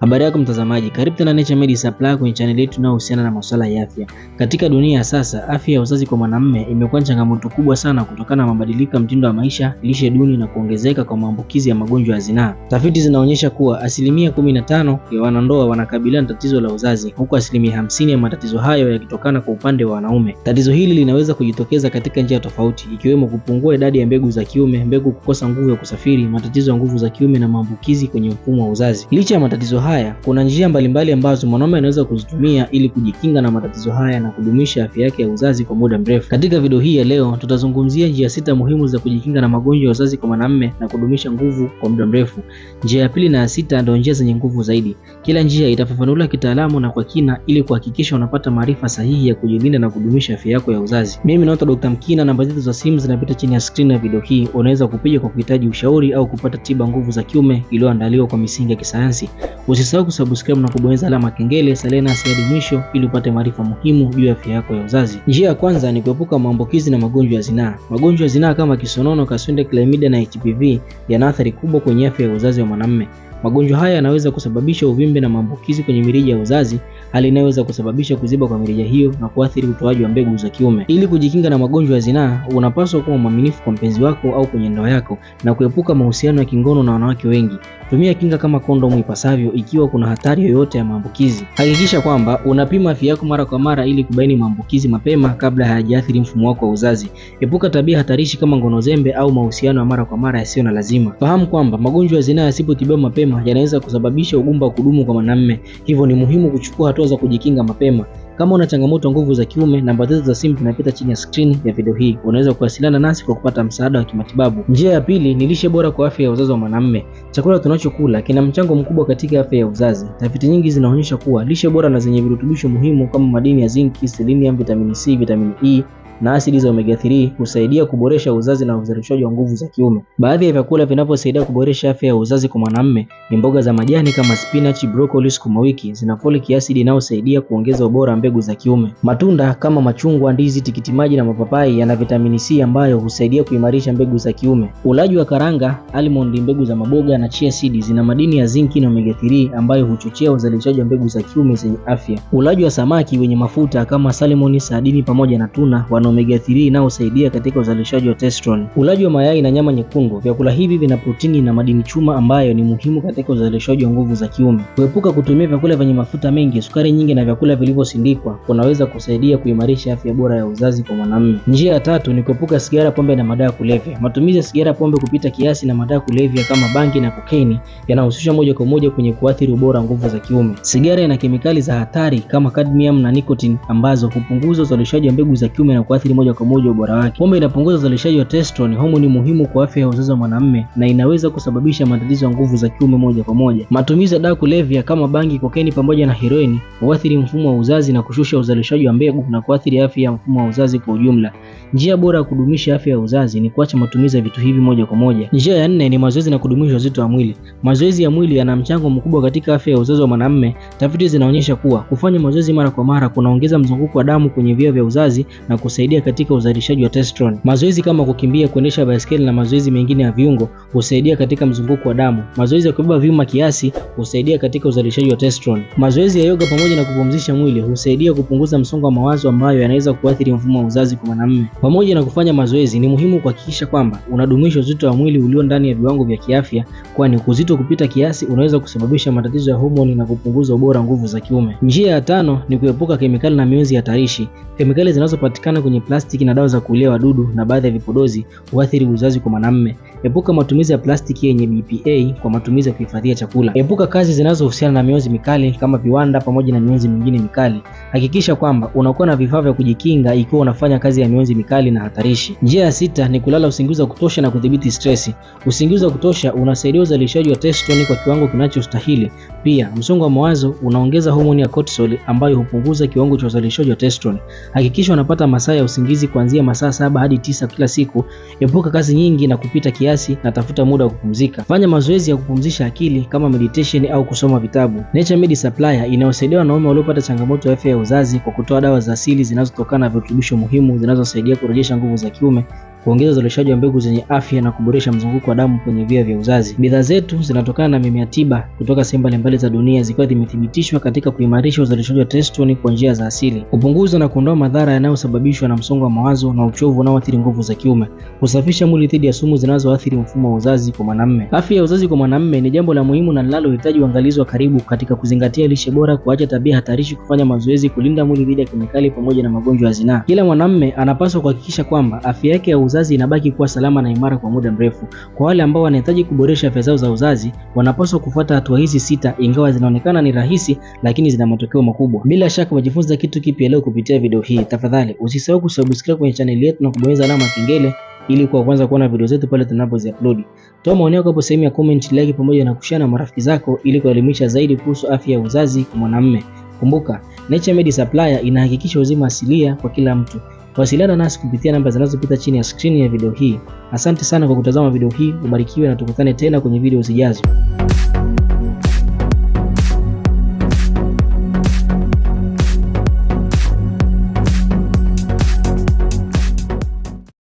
Habari yako mtazamaji, karibu tena Naturemed Supply kwenye chaneli yetu inayohusiana na, na masuala ya afya. Katika dunia ya sasa, afya ya uzazi kwa mwanamume imekuwa changamoto kubwa sana kutokana na mabadiliko ya mtindo wa maisha, lishe duni na kuongezeka kwa maambukizi ya magonjwa ya zinaa. Tafiti zinaonyesha kuwa asilimia kumi na tano ya wanandoa wanakabiliana na tatizo la uzazi, huku asilimia hamsini ya matatizo hayo yakitokana kwa upande wa wanaume. Tatizo hili linaweza kujitokeza katika njia tofauti, ikiwemo kupungua idadi ya mbegu za kiume, mbegu kukosa nguvu ya kusafiri, matatizo ya nguvu za kiume na maambukizi kwenye mfumo wa uzazi. Licha ya matatizo haya, kuna njia mbalimbali ambazo mwanaume anaweza kuzitumia ili kujikinga na matatizo haya na kudumisha afya yake ya uzazi kwa muda mrefu. Katika video hii ya leo, tutazungumzia njia sita muhimu za kujikinga na magonjwa ya uzazi kwa mwanamume na kudumisha nguvu kwa muda mrefu. Njia ya pili na ya sita ndio njia zenye nguvu zaidi. Kila njia itafafanuliwa kitaalamu na kwa kina ili kuhakikisha unapata maarifa sahihi ya kujilinda na kudumisha afya yako ya uzazi. Mimi naitwa Dr. Mkina, namba zetu za simu zinapita chini ya screen ya video hii. Unaweza kupiga kwa kuhitaji ushauri au kupata tiba nguvu za kiume iliyoandaliwa kwa misingi ya kisayansi. Usisahau kusubscribe na kubonyeza alama kengele salena hadi mwisho ili upate maarifa muhimu juu ya afya yako ya uzazi. Njia ya kwanza ni kuepuka maambukizi na magonjwa ya zinaa. Magonjwa ya zinaa kama kisonono, kaswende, chlamydia na HPV yana athari kubwa kwenye afya ya uzazi wa mwanamume. Magonjwa haya yanaweza kusababisha uvimbe na maambukizi kwenye mirija ya uzazi hali inayoweza kusababisha kuziba kwa mirija hiyo na kuathiri utoaji wa mbegu za kiume. Ili kujikinga na magonjwa ya zinaa, unapaswa kuwa mwaminifu kwa mpenzi wako au kwenye ndoa yako na kuepuka mahusiano ya kingono na wanawake wengi. Tumia kinga kama kondomu ipasavyo ikiwa kuna hatari yoyote ya maambukizi. Hakikisha kwamba unapima afya yako mara kwa mara ili kubaini maambukizi mapema kabla hayajaathiri mfumo wako wa uzazi. Epuka tabia hatarishi kama ngono zembe au mahusiano ya mara kwa mara yasiyo na lazima. Fahamu kwamba magonjwa ya zinaa yasipotibiwa mapema yanaweza kusababisha ugumba wa kudumu kwa mwanamume, hivyo ni muhimu kuchukua hatua za kujikinga mapema. Kama una changamoto ya nguvu za kiume, namba zetu za simu zinapita chini ya skrini ya video hii. Unaweza kuwasiliana nasi kwa kupata msaada wa kimatibabu. Njia ya pili ni lishe bora kwa afya ya uzazi wa mwanamume. Chakula tunachokula kina mchango mkubwa katika afya ya uzazi. Tafiti nyingi zinaonyesha kuwa lishe bora na zenye virutubisho muhimu kama madini ya zinki, selenium, vitamini C, vitamini E na asidi za omega 3 husaidia kuboresha uzazi na uzalishaji wa nguvu za kiume. Baadhi ya vyakula vinavyosaidia kuboresha afya ya uzazi kwa mwanamume ni mboga za majani kama spinach, broccoli, sukuma wiki zina folic acid inayosaidia kuongeza ubora mbegu za kiume. Matunda kama machungwa, ndizi, tikiti maji na mapapai yana vitamini C ambayo husaidia kuimarisha mbegu za kiume. Ulaji wa karanga, almond, mbegu za maboga na chia seed zina madini ya zinki na omega 3 ambayo huchochea uzalishaji wa mbegu za kiume zenye afya. Ulaji wa samaki wenye mafuta kama salmon, sardini pamoja na tuna wana na omega 3 inayosaidia katika uzalishaji wa testosterone. Ulaji wa mayai na nyama nyekundu. Vyakula hivi vina protini na madini chuma ambayo ni muhimu katika uzalishaji wa nguvu za kiume. Kuepuka kutumia vyakula vyenye mafuta mengi, sukari nyingi na vyakula vilivyosindikwa kunaweza kusaidia kuimarisha afya bora ya uzazi kwa mwanamume. Njia ya tatu ni kuepuka sigara, pombe na madawa kulevya. Matumizi ya sigara, pombe kupita kiasi na madawa kulevya kama bangi na kokaini yanahusishwa moja kwa moja kwenye kuathiri ubora nguvu za kiume. Sigara ina kemikali za hatari kama cadmium na nicotine ambazo hupunguza uzalishaji wa mbegu za kiume na kuathiri moja kwa moja ubora wake. Pombe inapunguza uzalishaji wa testosterone, homoni muhimu kwa afya ya uzazi wa mwanamume, na inaweza kusababisha matatizo ya nguvu za kiume moja kwa moja. Matumizi ya dawa kulevya kama bangi, kokeni pamoja na heroin huathiri mfumo wa uzazi na kushusha uzalishaji wa mbegu na kuathiri afya ya mfumo wa uzazi kwa ujumla. Njia bora ya kudumisha afya ya uzazi ni kuacha matumizi ya vitu hivi moja kwa moja. Njia ya nne ni mazoezi na kudumisha uzito wa mwili. Mazoezi ya mwili yana mchango mkubwa katika afya ya uzazi wa mwanamume. Tafiti zinaonyesha kuwa kufanya mazoezi mara kwa mara kunaongeza mzunguko wa damu kwenye via vya uzazi na kusaidia husaidia katika uzalishaji wa testosterone. Mazoezi kama kukimbia, kuendesha baiskeli na mazoezi mengine ya viungo husaidia katika mzunguko wa damu. Mazoezi ya kubeba vyuma kiasi husaidia katika uzalishaji wa testosterone. Mazoezi ya yoga pamoja na kupumzisha mwili husaidia kupunguza msongo wa mawazo ambayo yanaweza kuathiri mfumo wa uzazi kwa mwanamume. Pamoja na kufanya mazoezi, ni muhimu kuhakikisha kwamba unadumisha uzito wa mwili ulio ndani ya viwango vya kiafya, kwani uzito kupita kiasi unaweza kusababisha matatizo ya homoni na kupunguza ubora nguvu za kiume. Njia ya tano ni kuepuka kemikali na mionzi hatarishi. Kemikali zinazopatikana kwenye plastiki na dawa za kuulia wadudu na baadhi ya vipodozi huathiri uzazi kwa mwanamume. Epuka matumizi ya plastiki yenye BPA kwa matumizi ya kuhifadhia chakula. Epuka kazi zinazohusiana na mionzi mikali kama viwanda pamoja na mionzi mingine mikali. Hakikisha kwamba unakuwa na vifaa vya kujikinga ikiwa unafanya kazi ya mionzi mikali na hatarishi. Njia ya sita ni kulala usingizi wa kutosha na kudhibiti stresi. Usingizi wa kutosha unasaidia uzalishaji wa testosterone kwa kiwango kinachostahili. Pia msongo wa mawazo unaongeza homoni ya cortisol ambayo hupunguza kiwango cha uzalishaji wa testosterone. Hakikisha unapata masaa ya usingizi kuanzia masaa saba hadi tisa kila siku. Epuka kazi nyingi na kupita kiasi kiasi na tafuta muda wa kupumzika. Fanya mazoezi ya kupumzisha akili kama meditation au kusoma vitabu. Naturemed Supplier inawasaidia wanaume waliopata changamoto ya afya ya uzazi kwa kutoa dawa za asili zinazotokana na virutubisho muhimu zinazosaidia kurejesha nguvu za kiume kuongeza uzalishaji wa mbegu zenye afya na kuboresha mzunguko wa damu kwenye via vya uzazi. Bidhaa zetu zinatokana na mimea tiba kutoka sehemu mbalimbali za dunia zikiwa zimethibitishwa katika kuimarisha uzalishaji wa testosterone kwa njia za asili, kupunguza na kuondoa madhara yanayosababishwa na msongo wa mawazo na uchovu unaoathiri nguvu za kiume, kusafisha mwili dhidi ya sumu zinazoathiri mfumo wa uzazi kwa mwanamume. Afya ya uzazi kwa mwanamume ni jambo la muhimu na linalohitaji uangalizi wa karibu katika kuzingatia lishe bora, kuacha tabia hatarishi, kufanya mazoezi, kulinda mwili dhidi ya kemikali pamoja na magonjwa ya zinaa. Kila mwanamume anapaswa kuhakikisha kwamba afya yake ya uzazi uzazi inabaki kuwa salama na imara kwa muda mrefu. Kwa wale ambao wanahitaji kuboresha afya zao za uzazi, wanapaswa kufuata hatua hizi sita, ingawa zinaonekana ni rahisi, lakini zina matokeo makubwa. Bila shaka umejifunza kitu kipya leo kupitia video hii. Tafadhali usisahau kusubscribe kwenye channel yetu na kubonyeza alama ya kengele ili kwa kwanza kuona video zetu pale tunapozi upload. Toa maoni yako hapo sehemu ya comment, like pamoja na kushare na marafiki zako ili kuelimisha zaidi kuhusu afya ya uzazi kwa mwanamume. Kumbuka, Naturemed Supplier inahakikisha uzima asilia kwa kila mtu. Wasiliana nasi kupitia namba zinazopita chini ya skrini ya video hii. Asante sana kwa kutazama video hii, ubarikiwe na tukutane tena kwenye video zijazo.